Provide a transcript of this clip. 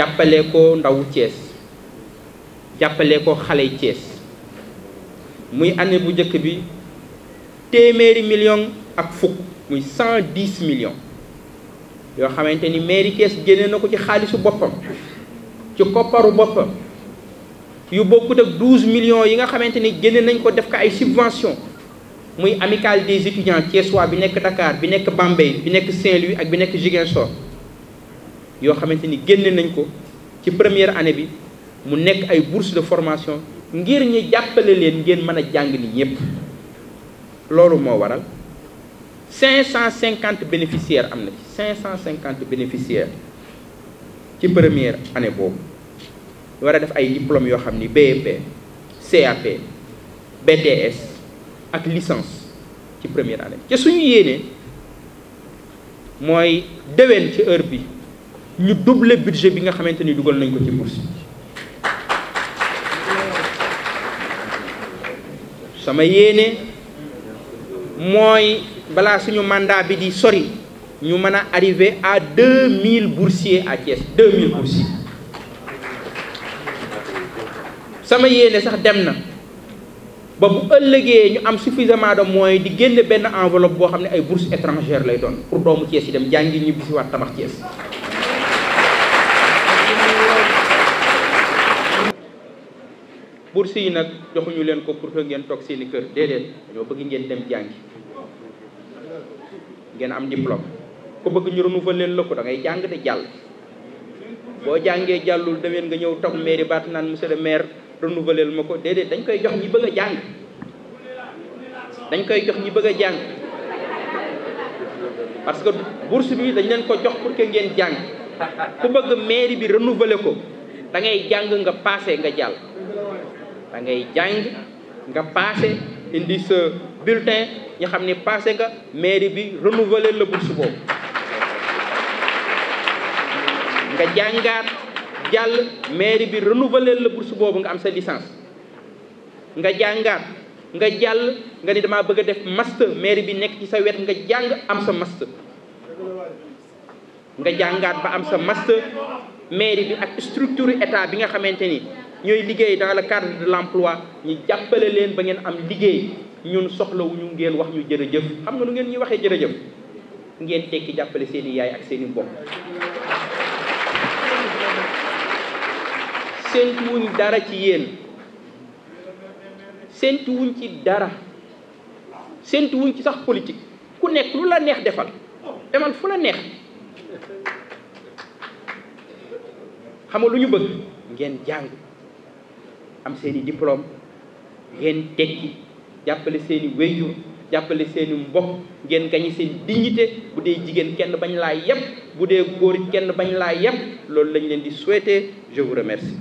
jappelé ko ndawu ties jappelé ko xale ties muy année bu jëk bi téeméeri million ak fuk muy 110 millions yo xamante ni mairie Thiès génne na ci xaalisu bopam ci kopparu bopam yu bokkut ak 12 millions yi nga xamante ni nañ ko def ka ay subvention muy amical des étudiants Thiessois bi nek Dakar bi nek Bambey bi nek Saint-Louis ak bi nek Ziguinchor yoo xamante ni génne nañ ko ci première année bi mu nekk ay bourse de formation ngir ñi jàppale leen ngeen mën a jàng ni ñëpp loolu moo waral cinq cent cinquante bénéficiaires am na ci cinquante bénéficiaires ci première année boobu war a def ay diplômes yoo xam ni BEP CAP BTS ak licence ci première année ci suñu yéenee mooy déwén ci heure bi ñu doubler budget bi nga xamante ni dugal nañ ko ci bourse sama yéene mooy balaa suñu mandat bi di sori ñu mën a arriver à 2000 mille boursiers à Thiès 2000 mille boursiers sama yéene sax dem na ba bu ëllëgee ñu am suffisamment de moyens di génne benn enveloppe boo xam ne ay bourses étrangères lay doon pour doomu Thiès yi dem jàngi ñibbisiwaat tabax Thiès bourse yi nag joxuñu leen ko pour que ngeen toog seeni kër déedéet dañoo bëgg ngeen dem jàngi ngeen am diplôme ku bëgg ñu renouveler leen la ko da ngay jàng jàll boo jàngee jàllul demeen nga ñëw toog mairie baat naan monsieur le maire renouveler ma ko déedéet dañ koy jox ñi bëgg a jàng koy jox ñi bëgg a jàng parce que bourse bi dañ leen ko jox pour que ngeen jàng ku bëgg mairie bi renouveler ko da ngay jàng nga passé nga jàll da ngay jàng nga passé indi sa bulletin ñu xam ne passé nga mairie bi renouveler la bourse boobu nga jàngaat jàll mairie bi renouveler la bourse boobu nga am sa licence nga jàngaat nga jàll nga ni damaa bëgg a def master mairie bi nekk ci sa wet nga jàng am sa master nga jàngaat ba am sa master mairie bi ak structure état bi nga xamante ni ñooy liggéey dans le cadre de l' emploi ñu jàppale leen ba ngeen am liggéey ñun soxlawuñu ngeen wax ñu jërëjëf xam nga nu ngeen ñuy waxee jërëjëf ngeen tekki jàppale seen i yaay ak seen i mbokk séentuwuñ dara ci yéen séentuwuñ ci dara séentuwuñ ci sax politique ku nekk lu la neex defal demal fu la neex xam nga lu ñu bëgg ngeen jàng am seen i diplôme ngeen tekki jàppale seen i wéyjur jàppale seen i mbokk ngeen gañe seen dignité bu dee jigéen kenn bañ laa yépp bu dee góor kenn bañ laa yépp loolu lañ leen di souhaiter je vous remercie